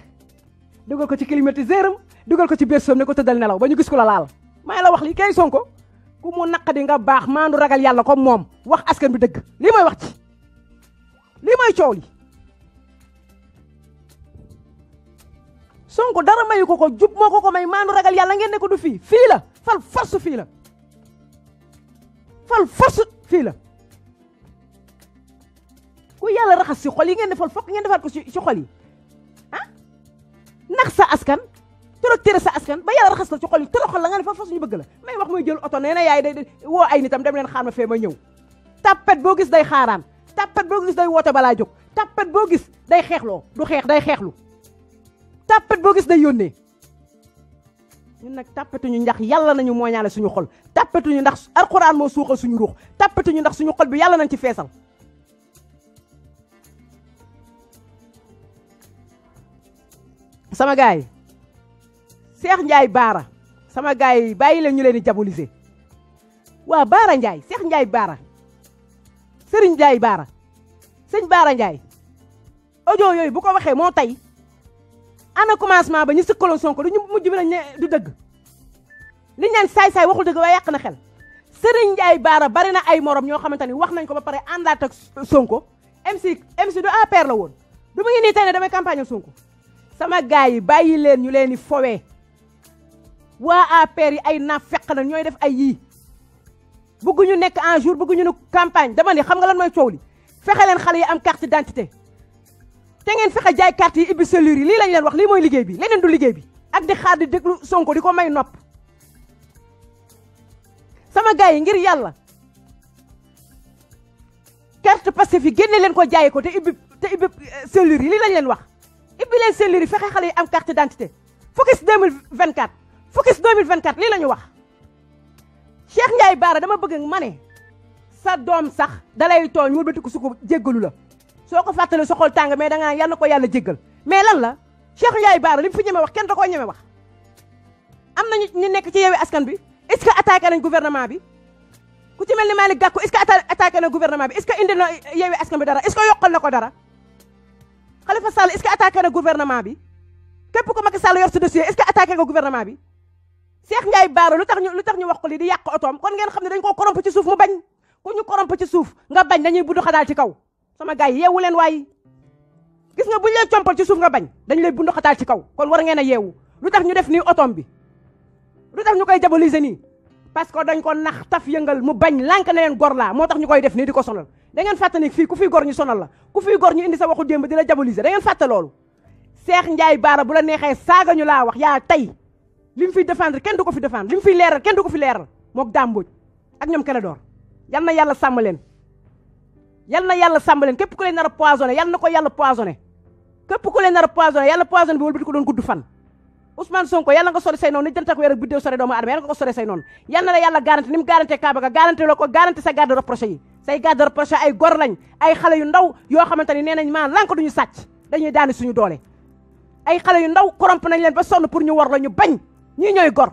dugal ko ci climatiseur am dugal ko ci berceau ne ko tëddal nelaw ba ñu gis ko la laal may la wax lii kay Sonko ku mu naqadi nga baax maandu ragal yàlla comme moom wax askan bi dëgg lii mooy wax ci lii mooy coow li Sonko dara mayu ko ko jub moo ko ko may maandu ragal yàlla ngeen ne ko du fii fii la fal force fii la fal force fii la ku yàlla raxas si xol yi ngeen defal fokk ngeen defaat ko si si xol yi Nak sa askan torop tere sa askan ba yalla raxas la ci xol yi toroxal la nga ne fa fasu ñu bëgg la may wax moy jël auto neena yaay day wo ay nitam dem leen xaar ma ma ñew tapet bo gis day xaaraan tapet bo gis day wote bala juk tapet bo gis day xexlo du xex day xexlu tapet bo gis day yónnee ñun tapetu ñu ndax yalla nañu mooñaale suñu xol ñu ndax alquran mo suuxal suñu tapetu ñu ndax suñu xol bi yalla nañ ci fessal sama gaay yi Cheikh Ndiaye Baara sama gaay yi bàyyi leen ñu leen di diaboliser waa Baara Ndiaye Cheikh Ndiaye Baara Serigne Ndiaye Baara sëñ Baara Ndiaye audio yooyu bu ko waxee moo tey ana commencement ba ñu sëkkaloon Sonko du ñu mujj bi du dëgg liñ naan saay-saay waxul dëgg waaye yàq na xel Serigne Ndiaye Baara bari na ay morom ñoo xamante ni wax nañ ko ba pare àndaat ak Sonko MC MC du APR la woon du mu ngi nii tey ne damay campagne ak sama gaay yi bàyyi leen ñu leen di fowee waa APR yi ay naafeq na ñooy def ay yii bëgguñu nekk en jour bëgguñu ne campagne dama ne xam nga lan mooy coow li fexe leen xale yi am carte d'identité te ngeen fexe jaay carte yi ibbi cellule yi lii lañ leen wax lii mooy liggéey bi leneen du liggéey bi ak di xaar di déglu Sonko di ko may nopp sama gars yi ngir yàlla carte Pastef fi génne leen ko jaay ko te ibi te ibbi eh, cellule yi lii lañ leen wax ibbi leen seen liir yi fexe xale yi am carte d'identité focus 2024 focus 2024 lii la ñu wax Cheikh Ndiaye Bara dama bëgg ma ne sa doom sax dalay tooñ wëlbati ko su ko jéggalu la soo ko fàttale sa xol tàng mais da nga yal na ko yàlla jéggal mais lan la Cheikh Ndiaye Bara li mu fi ñeme wax kenn da koo ñeme wax am nañu ñu nekk ci yewe askan bi est-ce que attaqué nañ gouvernement bi ku ci mel ni Malick Gakou est-ce que attaqué na gouvernement bi est-ce que indi na yewe askan bi dara est-ce que yokkal na ko dara Khalifa Sall est-ce que attaqué na gouvernement bi kep ko Macky Sall yor ce dossier est-ce que attaqué nga gouvernement bi Cheikh Ndiaye Baara lutax ñu lutax ñu wax ko li di yak autom kon ngeen xam dañ ko koromp ci suuf mu bañ ku ñu koromp ci suuf nga bañ dañuy buddu xadal ci kaw sama gaay yewu len way gis nga buñ lay chompal ci suuf nga bañ dañ lay buddu xadal ci kaw kon war ngeena a lutax ñu def ni autom bi lutax ñu koy jaboliser ni parce que dañ ko nax taf yeungal mu bañ lank na len gor laa moo ñu koy def ni diko sonal da ngeen fàtte fii ku fi gor ñu sonal la ku fi gor ñu indi sa waxu démb di la diaboliser da ngeen fàtte loolu Cheikh Ndiaye Bara bu la neexee saaga ñu laa wax yaa tey li mu fiy défendre kenn du ko fi défendre li mu fiy leeral kenn du ko fi leeral mook dàmbooj ak ñoom kele door yal na yàlla sàmm leen yal na yàlla sàmm leen képp ku leen nar a poisonné yal na ko yàlla poisonné képp ku leen nar a poisonné yàlla poisonné bi wëlbati ko doon say garde rapproché ay gor lañ ay xale yu ndaw yoo xamante ni nee nañ maa lànk duñu sàcc dañuy daani suñu doole ay xale yu ndaw corrompe nañ leen ba sonn pour ñu war la ñu bañ ñii ñooy gor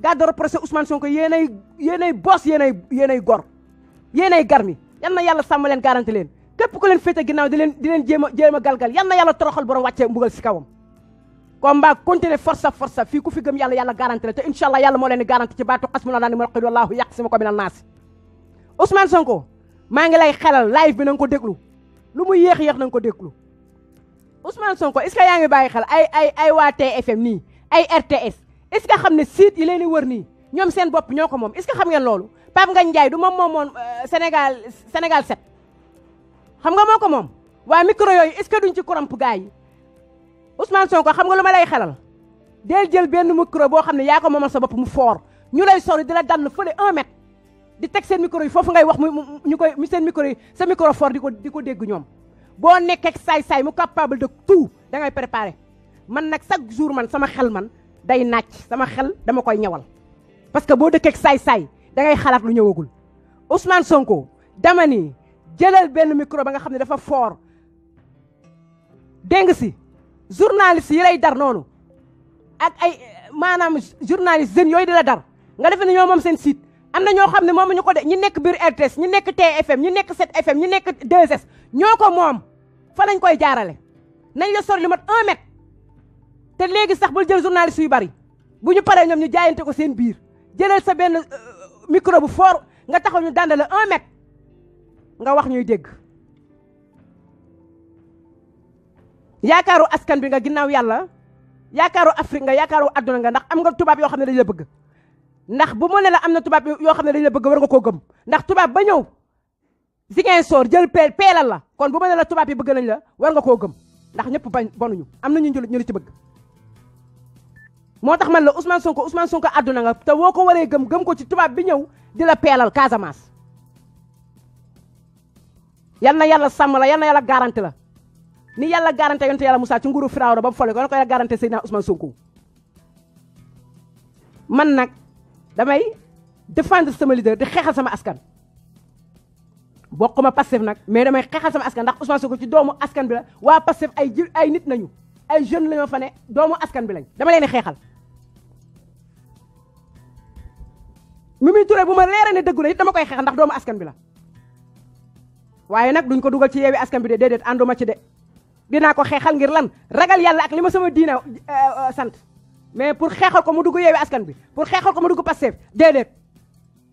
garde rapproché Ousmane Sonko yéenay yéenay boos yéenay gor yéenay garmi yal na yàlla sàmm leen garanti leen képp ku leen féete ginnaaw di leen di leen a a galgal yal na yàlla toroxal borom wàccee mbugal si kawam combat continuer force à force fii ku fi gëm yàlla yàlla Ousmane Sonko maa ngi lay xelal live bi na ko déglu lu mu yéex yéex na ko déglu Ousmane Sonko est-ce yaa ngi bàyyi xel ay ay ay waa TFM nii ay RTS est-ce que xam ne site yi leen di wër nii ñoom seen bopp ñoo ko moom est xam ngeen loolu Pape nga Ndiaye du moom moomoon euh, Sénégal Sénégal 7 xam nga moo ko moom waa micro yooyu est-ce que duñ ci koromp gars yi soo ko xam nga lu ma lay xelal del jël benn micro boo xam ne yaa ko moomal sa bopp mu foor ñu lay sori di la dànn fële un di teg seen micro yi foofu ngay wax mu ñu koy mu seen micro yi sa micro fort di ko di ko dégg ñoom boo nekkee saay-saay mu capable de tout da ngay préparer man nag chaque jour man sama xel man day naaj sama xel dama koy ñawal parce que boo dëkkeek saay-saay dangay ngay xalaat lu ñëwagul Ousmane Sonko dama ni jëlal benn micro ba nga xam ne dafa fort dégg nga si journaliste yi lay dar noonu ak ay maanaam journaliste jeunes yooyu di la dar nga defe ne ñoo seen site am na ñoo xam ne moomuñu ko de ñu nekk biir RTS ñu nekk TFM ñu nekk 7 fem ñu nekk 2 ñoo ko moom fa lañ koy jaarale nañ la sori lu mat 1 te léegi sax bul jël journaliste yu bari bu ñu paree ñoom ñu jaayante ko seen biir jëlal sa benn euh, micro bu fort nga taxaw ñu dàndale 1 mètre nga wax ñuy dégg yaakaaru askan bi nga ginnaaw yàlla yaakaaru Afrique nga yaakaaru àdduna nga ndax am nga tubaab yoo xam ne dañ la bëgg ndax bu ma ne am na tubaab yoo xam ne dañu la bëgg war nga koo gëm ndax tubaab ba ñëw Ziguinchor jël peel peelal la kon bu ma ne tubaab yi bëgg nañ la war nga koo gëm ndax ñëpp bañ bonuñu am na ñu ñu ci bëgg moo tax man la Ousmane Sonko Ousmane Sonko àdduna nga te woo ko waree gëm gëm ko ci tubaab bi ñëw di la peelal Casamance yal na yàlla sàmm la yal na yàlla garanti la ni yàlla garanti yonte yàlla Moussa ci nguuru Firawna ba mu fole ko na ko yàlla garanti Seydina Ousmane Sonko damay défendre sama leader di xeexal sama askan bokkuma Pastef nag mais damay xeexal sama askan ndax Ousmane ko ci doomu askan bi la waa Pastef ay ji ay nit nañu ay jeune lañoo fa ne doomu askan bi lañ dama leen xeexal Mimi ture bu ma leeree ne dëggu la it dama koy xeexal ndax doomu askan bi la waaye nag duñ ko dugal ci yeewi askan bi de déedéet ànduma ci de dinaa ko xeexal ngir lan ragal yàlla ak li ma sama diina eh, eh, sant mais pour xéxal ko mu dugg yeewi askan bi pour xéxal ko mu dugg passé déedéet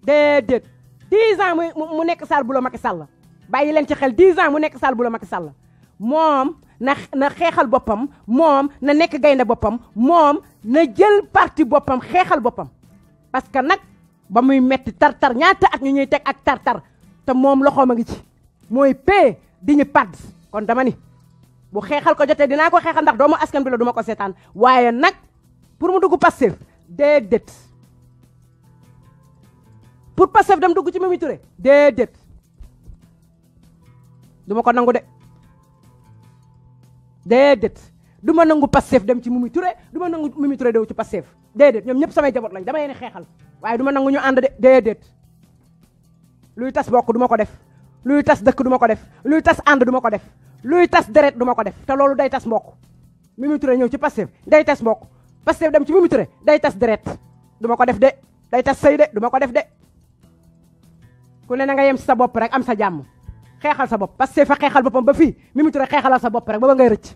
déedéet 10 ans mu nek sal bu lo Macky Sall bayi len ci xel 10 ans mu nek sal bu lo Macky Sall mom na na xéxal bopam mom na nek gaynde bopam mom na jël parti bopam xéxal bopam parce que nak ba muy metti tartar ñaata ak ñu ñuy tek ak tartar tar te moom loxoom a ngi ci moy p diñu pad kon dama ni bu xéxal ko jotté dina ko xéxal ndax doomu askan bi la duma ko sétane waye nak pour mu dugg Pastef déedéet pour Pastef dem dugg ci Mimi Touré déedéet du ma ko nangu de déedéet du ma nangu Pastef dem ci Mimi Touré du ma nangu Mimi Touré dew ci Pastef déedéet ñoom ñëpp samay jaboot lañ dama yéene xeexal waaye du ma nangu ñu ànd de déedéet luy tas bokk du ma ko def luy tas dëkk du ma ko def luy tas ànd du ma ko def luy tas deret du ma ko def te loolu day tas mbokk Mimi Touré ñëw ci Pastef day tas mbokk Pastef dem ci Mimi Touré day tas deret du ma ko def de day tas sëy de du ma ko def de ku ne na nga yem si sa bopp rek am sa jàmm xeexal sa bopp Pastef fa xeexal boppam ba fii Mimi Touré xeexala sa bopp rek ba ba ngay rëcc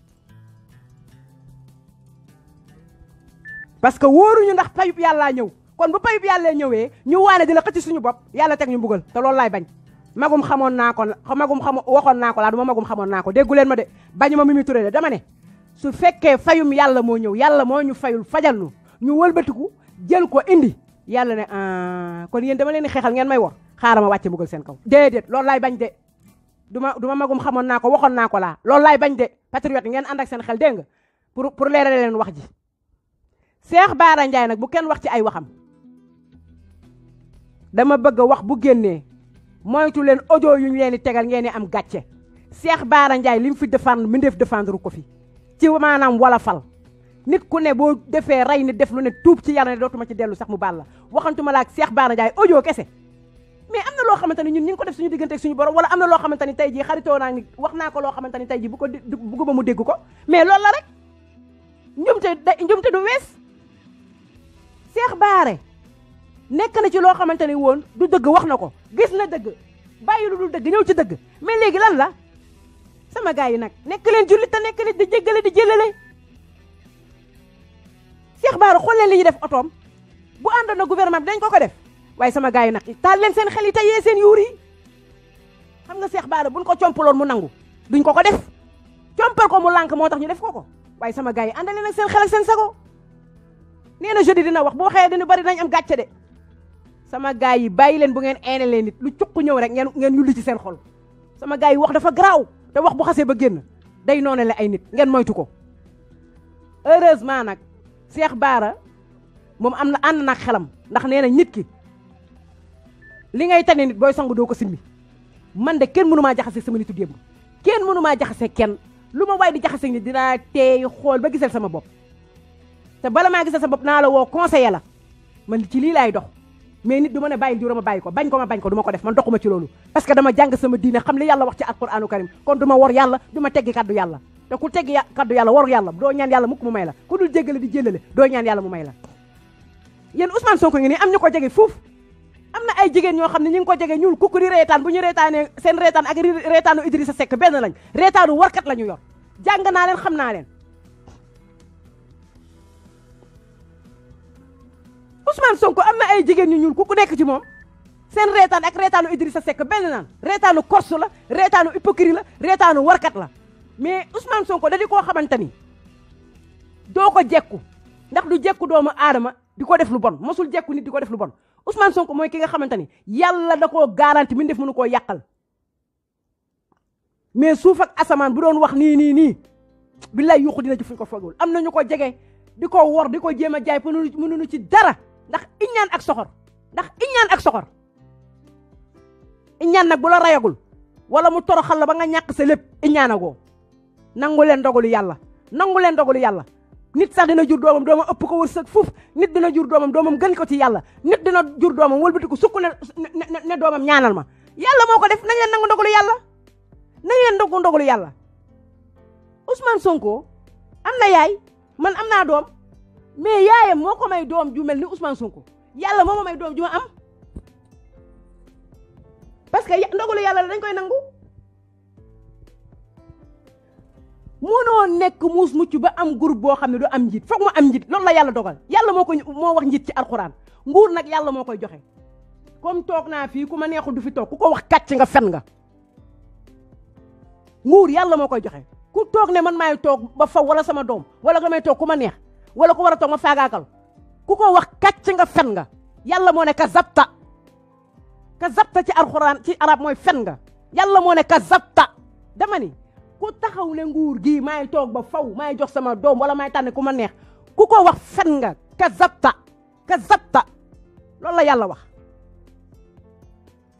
parce que wóoruñu ndax payub yàllaa ñëw kon bu payub yàlla ñëwee ñu waane di la xëcc suñu bopp yàlla teg ñu mbugal te loolu laay bañ magum xamoon naa ko magum xam waxoon naa ko laa du ma magum xamoon naa ko déggu leen ma de ma Mimi Touré dama ne su fekkee fayum yàlla moo ñëw yàlla moo ñu fayul fajal nu ñu wëlbatiku jël ko indi yàlla ne ah, kon yéen dama leen di xeexal ngeen may wor xaaral ma wàcce mbugal seen kaw. déedéet loolu laay bañ de du ma du ma magum xamoon naa ko waxoon naa ko laa loolu laay bañ de patriote ngeen ànd ak seen xel dégg nga pour pour leeral leen wax ji. Cheikh Bara Ndiaye nag bu kenn wax ci ay waxam dama bëgg a wax bu génnee moytu leen audio yu ñu leen di tegal ngeen di am gàcce Cheikh Bara Ndiaye li mu fi défendre mi def défendre ko fi. ci maanaam wolofal nit ku ne boo defee rey nit def lu ne tuub ci yàlla ne dootuma ci dellu sax mu baal la waxantuma la ak Cheikh Bara Ndiaye audio kese mais am na loo xamante ni ñun ñu ngi ko def suñu diggante ak suñu borom wala am na loo xamante ni tey jii xaritoo naa ni wax naa ko loo xamante ni tey jii bu ko bugguma mu dégg ko mais loolu la rek njumte njumte du wees Cheikh baare nekk na ci loo xamante ni woon du dëgg wax na ko gis na dëgg bàyyi lu dul dëgg ci dëgg mais léegi lan la sama gaay yi nak nek leen julli ta nek leen di jéggale di jëlale Cheikh baro xol leen li def autom bu àndoon gouvernement dañ ko ko def waaye sama gaay yi nag taal leen seen xel yi tayé seen xam nga Cheikh baro buñ ko compaloon mu nangu duñ ko ko def compal ko mu lank motax ñu def ko ko sama gaay yi àndale sen seen xel ak seen sago neena jeudi dina wax bo xëyee dañu bari dañ am de sama gaay yi bayi leen bu ngeen éné leen nit lu cuq ñew rek ngeen ngeen yulli ci seen xol sama gaay yi wax dafa graw te wax bu xasee ba génn day noonele ay nit ngeen moytu ko heureusement nag Cheikh Bara moom am na ànd nag xelam ndax nee na nit ki li ngay tane nit booy sangu doo ko simmi man de kenn mënumaa jaxase sama nitu démb kenn mënumaa jaxase kenn lu ma waay di jaxase ni dinaa teey xool ba gisal sama bopp te bala maa gisal sama bopp naa la woo conseiller la man ci lii ay dox mais nit du bayi ne bàyyi diw ma bàyyi ko ko ma bagn ko duma ko def man dokuma ci lolu parce que dama jang sama diine xam li yalla wax ci alquranu karim kon duma wor yalla duma teggi kaddu yalla te ku teggi kaddu yalla wor yalla do ñaan yalla mukk mu may ku dul di jëlale do ñaan yalla mu may la yéen Ousmane Sonko ngi ni am ñuko jégué fouf amna ay jigen ñoo xamni ne ngi ko jégué ñul kuku di reetaan bu ñu reetaanee seen reetaan ak Idrissa sek ben lañ warkat lañu yor jang na leen xam na leen Ousmane Sonko am na ay jigéen ñu ñuul ku ku nekk ci moom seen reetaan ak reetaanu Idrissa Seck benn naan reetaanu korse la reetaanu hypocrite la reetaanu warkat la mais Ousmane ko da di koo xamante ni doo ko jekku ndax du jekku doomu aadama di ko def lu bon mosul jekku nit di ko def lu bon Ousmane ko mooy ki nga xamante ni yàlla da koo garanti min def mënu koo yàqal mais suuf ak asamaan bu doon wax nii nii nii billaay yuuxu dina ci ko foogul am na ñu jege di ko wor di ko jéem a jaay mënuñu ci dara ndax iñaan ak soxor ndax iñaan ak soxor iñaan nak bu la rayagul wala mu toroxal la ba nga ñak sa lepp iñaanagoo nangul len dogul yalla nangul len dogul yalla nit sax dina jur domam domam upp ko wursak fuf nit dina jur domam domam gën ko ci yalla nit dina jur doomam wëlbatiku sukk ne ne domam ñaanal ma yalla, moko def nañ len nangul dogul yalla nañ len dogul dogul yalla Ousmane Sonko amna man amna dom mais yaayam moo ko may doom ju mel ni Ousmane Sonko yàlla moo ma may doom ju ma am parce que yàlla dañ koy nangu mënoo nekk muus mucc ba am groupe boo xam ne du am njiit foog mu am njiit loolu la yàlla dogal yàlla moo ko moo wax njiit ci alxuraan nguur nag yàlla moo koy joxe comme toog naa fii ku ma neexul du fi toog ku ko wax kàcc nga fen nga nguur yàlla moo koy joxe ku toog ne man maay toog ba faw wala sama doom wala may toog ku ma neex wala ku war a toog ma faagaakal ku ko wax kàcc nga fen nga yàlla moo ne ka zabta ka zabta ci alxuraan ci arab mooy fen nga yàlla moo ne ka zabta dama ni ku taxaw ne nguur gii maay toog ba faw maay jox sama doom wala maay tànn ku ma neex ku ko wax fen nga ka zabta ka zabta loolu la yàlla wax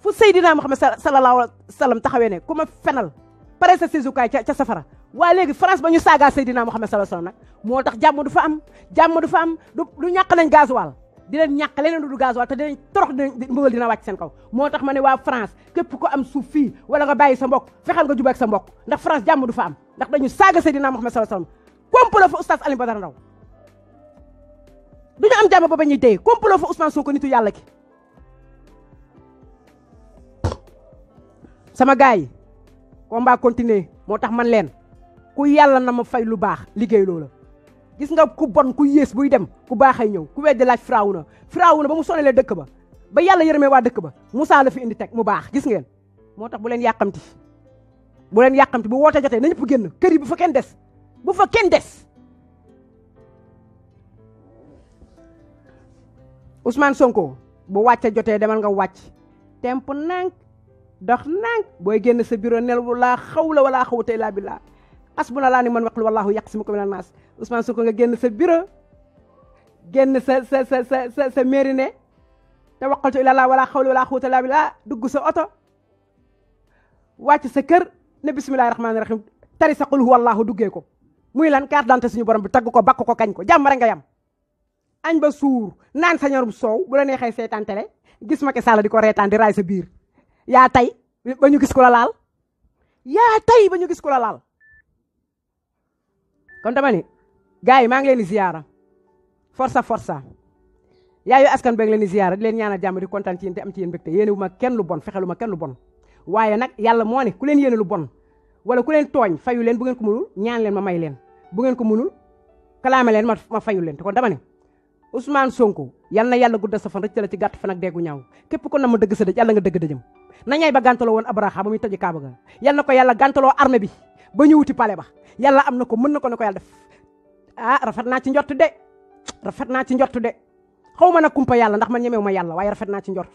fu Seydina Muhammad sallallahu alayhi wa sallam taxawee ne ku ma fenal pare sa sisukaay ca safara waa léegi France ba ñu saagaa Seydina Muhammad sallallahu alayhi wasallam nag moo tax jàmm du fa am jàmm du fa am du ñàkk nañ gasoil di leen ñàkk leneen du gasoil te dinañ torox dinañ mbugal dina wàcc seen kaw moo tax ma ne waa France képp ko am suuf fii wala nga bàyyi sa mbokk fexeel nga jubeeg sa mbokk ndax France jàmm du fa am ndax dañu saaga Seydina Muhammad sallallahu alayhi wasallam complot fa oustaz Alioune Badara Ndao duñu am jàmm ba ba ñuy dee complot fa Ousmane Sonko nitu yàlla ki sama gars yi combat continuer moo tax man leen ku yàlla na ma fay lu baax loo la gis nga ku bon ku yées buy dem ku baaxay ñëw ku weddi laaj Firawna na ba mu sonalee dëkk ba ba yàlla yërëmee waa dëkk ba Moussa la fi indi teg mu baax gis ngeen moo tax bu leen yàqamti bu leen yàqamti bu wootee jotee na ñëpp génn kër yi bu fa kenn des bu fa kenn des Ousmane Sonko bu wàccee jotee demal nga wàcc temp nank dox nank booy génn sa bureau nel laa xawu la wala xawatee laa bi laa la ni man waqul wallahu yaqsimuka minan nas usman Sonko nga genn sa biro se sa sa sa sa sa sa mairie ne te waqaltu la wala xawla wala xuuta laa billah duggu sa auto wàcc sa keur ne bismillahir rahmanir rahim tari sa qul huwallahu dugge ko muy lan carte dante suñu borom bi tagg ko bakk ko kagn ko jàmm nga yam agn ba sour nan sa ñorum sow bu la setan télé gis ma ke di Korea reetaan di ray sa bir ya tay bañu gis ko la laal ya tay bañu gis ko la laal kon dama ni gars yi maa ngi leen di ziyaara forsa forsa yaayu askan beeg leen di ziyaara di leen ñaanal jàmm di kontaan ci yéen te am ci yéen mbégte yéene wu ma kenn lu bon fexelu ma kenn lu bon waaye nag yàlla moo ne ku leen yéene lu bon wala ku leen tooñ fayu leen bu ngeen ko mënul ñaan leen ma may leen bu ngeen ko mënul kalaame leen ma ma fayu leen te kon dama ne Ousmane Sonko yal na yàlla guddal sa fan rëcc la ci gàtt fan ak déggu ñaaw képp ko na ma dëgg sa dëj yàlla nga dëgg dëjëm nañay ba gàntaloo woon Abraha ba muy taji na bi ba ñu wuti pale ba yàlla am na ko mën na ko ne ko yàlla def ah rafet naa ci njot de rafet naa ci njot de xaw na nag kumpa yàlla ndax ma ñemee ma yàlla waaye rafet naa ci njot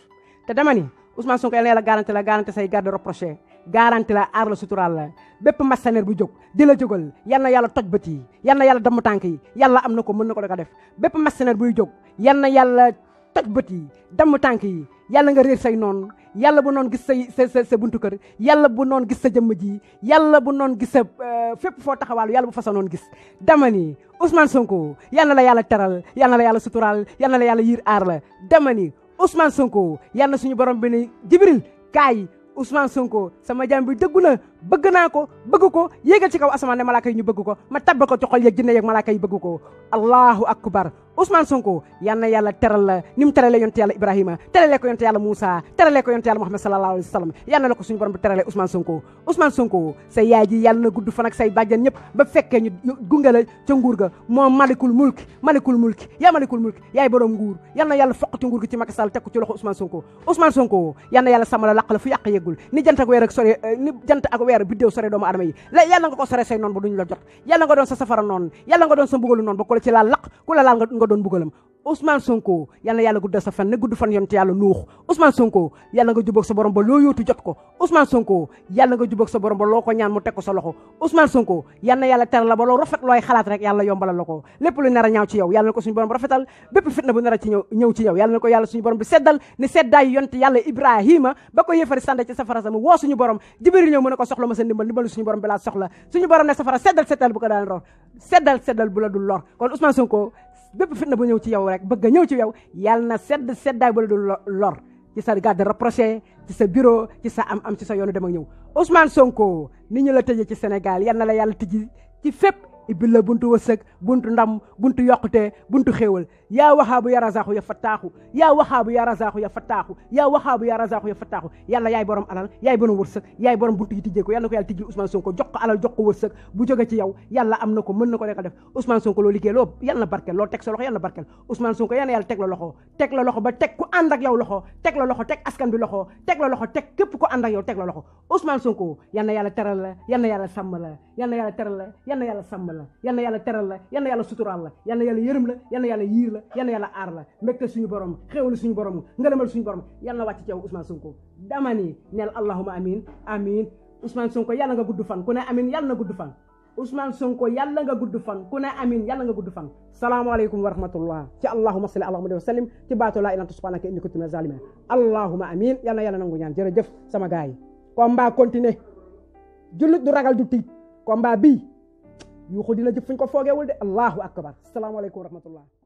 te dama ni Ousmane Sonko yàlla na la garanti la garanti say garde rapproché garanti la aar la suturaal la bépp mercenaire bu jóg di la jógal yal na yàlla toj bët yi yal na yàlla damm tànk yi yàlla am na ko mën na ko da ko def bépp mercenaire buy jóg yal na yàlla toj bët yi damm tànk yi yàlla nga réer say noonu yàlla bu noon gis sa sa buntu kër yàlla bu noon gis sa jëmm ji yàlla bu noon gis sa euh, fépp foo taxawaalu yàlla bu fa sa noon gis dama ni Ousmane Sonko yàlla la yàlla teral yàlla la yàlla sutural yàlla na yàlla yiir aar la dama ni Ousmane Sonko yàlla na suñu borom bi ne Jibril kaay Ousmane Sonko sama jàmm bi dëggu na bëgg naa ko bëgg ko yéegal ci kaw asamaan ne malaaka yi ñu bëgg ko ma tabbal ko ci xol jinne yeeg malaaka yi bëgg ko allahu akbar Ousmane Sonko yalla na yàlla teral la nim terale yonte yalla Ibrahima terale ko yonte yalla Musa terale ko yonte yalla Muhammad sallallahu Alaihi Wasallam, yalla na ko suñu borom terale Ousmane Sonko Ousmane Sonko sa yaaji yalla na fan ak say bàjjan ñep ba fekke ñu gunge ci nguur ga mo malikul mulk malikul mulk ya malikul mulk yaay borom nguur yalla na yàlla ci nguur gi ci Macky Sall teg ci loxo Ousmane Sonko Ousmane Sonko yalla na yàlla sàmmal la la fu yaq yegul ni jant ak wer ak sore eh, ni jant ak bi biddéew sore doomu adama yi la nga ko sore say non bu duñu la jot yalla nga doon sa safara non yalla nga doon sa mbugalu non ba ko ci laal laq ku la laal nga moo doon mbugalam Ousmane Sonko yal na yàlla guddal sa fan ne gudd fan yonent yàlla nuux Ousmane Sonko yàlla nga jubóog sa borom ba loo yóotu jot ko Ousmane Sonko yàlla nga jubóog sa borom ba loo ko ñaan mu teg ko sa loxo Ousmane Sonko yal na yàlla teral la ba loo rafet looy xalaat rek yàlla yombalal la ko lépp lu nar a ñaaw ci yow yàlla na ko suñu borom rafetal bépp fitna bu nar a ci ñëw ñëw ci yow yàlla na ko yàlla suñu borom bi seddal ne seddaayu yonent yàlla Ibrahima ba ko yéefari sànde ci safara sama woo suñu borom Jibril ñëw mu ne ko soxla ma sa ndimbal ndimbalu suñu borom bi laa soxla suñu borom ne safara seddal seddal bu ko daan ror seddal seddal bu la dul lor kon Ousmane Sonko bépp na bu ñëw ci yow rek bëgg a ñëw ci yow yàlla na sedd seddaay ba la dul lor ci sa garde rapproché ci sa bureau ci sa am am ci sa yoonu dem ak ñëw Ousmane Sonko ni ñu la tëjee ci Sénégal yal na la yàlla tijji ci fép ibbi la buntu wërsëg buntu ndam buntu yokkute buntu xéewal يا وهاب يا رزاق يا فتاح يا وهاب يا رزاق يا فتاح يا وهاب يا رزاق يا فتاح yàlla yaay borom alal yaay borom wërsëg yaay borom buntu yi tijjee ko yàlla ko yàlla tijji Ousmane Sonko jox ko alal jox ko wërsëg bu jóge ci yow yàlla am na ko mën na ko rek a def Ousmane Sonko loo liggéey loo yàlla na barkel loo teg sa loxo yàlla na barkel Ousmane Sonko yàlla yàlla teg la loxo teg la loxo ba teg ku ànd ak yow loxo teg la loxo teg askan bi loxo teg la loxo teg képp ku ànd ak yow teg la loxo Ousmane Sonko yàlla yàlla teral la yàlla yàlla sàmm la yàlla yàlla teral la yàlla yàlla sàmm la yàlla yàlla teral la yàlla yàlla sutural la yàlla yàlla yërëm la yàlla yàlla yiir la la yalla yalla ar la mbégte suñu borom xewul suñu borom ngërëmal suñu borom yalla wacc ci yow Ousmane Sonko dama ni nel allahuma amin amin Ousmane Sonko yalla nga gudd fan ku amin yalla nga gudd fan Ousmane Sonko yalla nga gudd fan ku amin yalla nga gudd fan alaykum wa rahmatullah ci allahuma salli muhammad wa sallim ci ilaha illa anta subhanaka inni allahuma amin yalla yalla nangu ñaan jef sama gaay combat continue jullit du ragal du tiit combat yu yuuxu la jëf fuñ ko de allahu akbar salaamaaleykum wa rahmatullah